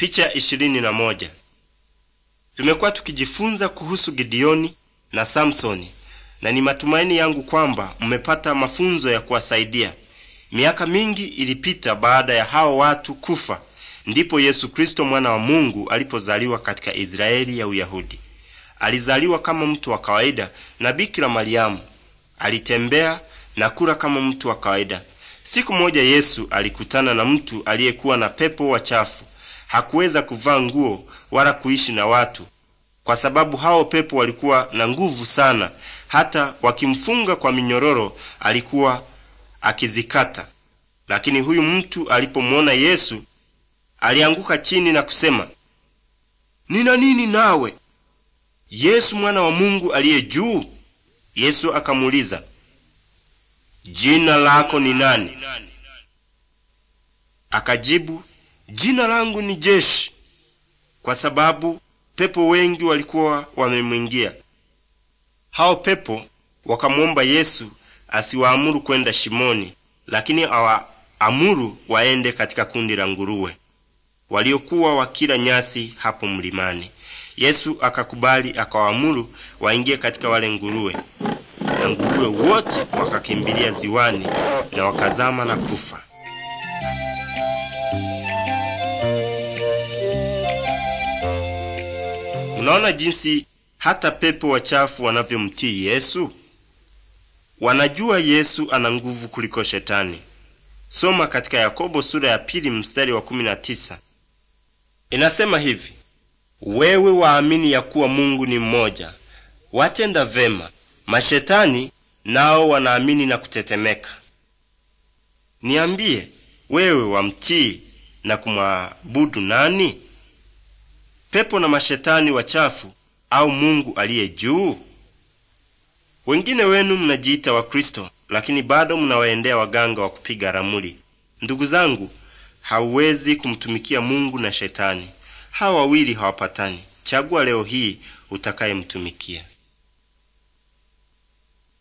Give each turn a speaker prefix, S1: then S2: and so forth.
S1: Picha ishirini na moja. Tumekuwa tukijifunza kuhusu Gideoni na Samsoni na ni matumaini yangu kwamba mmepata mafunzo ya kuwasaidia. Miaka mingi ilipita baada ya hao watu kufa, ndipo Yesu Kristo mwana wa Mungu alipozaliwa katika Israeli ya Uyahudi. Alizaliwa kama mtu wa kawaida na Bikira Mariamu. Alitembea na kula kama mtu wa kawaida. Siku moja Yesu alikutana na mtu aliyekuwa na pepo wachafu hakuweza kuvaa nguo wala kuishi na watu, kwa sababu hao pepo walikuwa na nguvu sana, hata wakimfunga kwa minyororo alikuwa akizikata. Lakini huyu mtu alipomwona Yesu alianguka chini na kusema, nina nini nawe, Yesu mwana wa Mungu aliye juu? Yesu akamuuliza, jina lako ni nani? Akajibu, Jina langu ni Jeshi, kwa sababu pepo wengi walikuwa wamemwingia. Hao pepo wakamwomba Yesu asiwaamuru kwenda shimoni, lakini awaamuru waende katika kundi la nguruwe waliokuwa wakila nyasi hapo mlimani. Yesu akakubali, akawaamuru waingie katika wale nguruwe, na nguruwe wote wakakimbilia ziwani na wakazama na kufa. Unaona jinsi hata pepo wachafu wanavyomtii Yesu. Wanajua Yesu ana nguvu kuliko Shetani. Soma katika Yakobo sura ya pili mstari wa 19. Inasema hivi: wewe waamini ya kuwa Mungu ni mmoja, watenda vema. Mashetani nao wanaamini na kutetemeka. Niambie, wewe wamtii na kumwabudu nani? pepo na mashetani wachafu au Mungu aliye juu? Wengine wenu mnajiita Wakristo, lakini bado mnawaendea waganga wa kupiga ramuli Ndugu zangu, hauwezi kumtumikia Mungu na Shetani. Hawa wawili hawapatani. Chagua leo hii utakayemtumikia.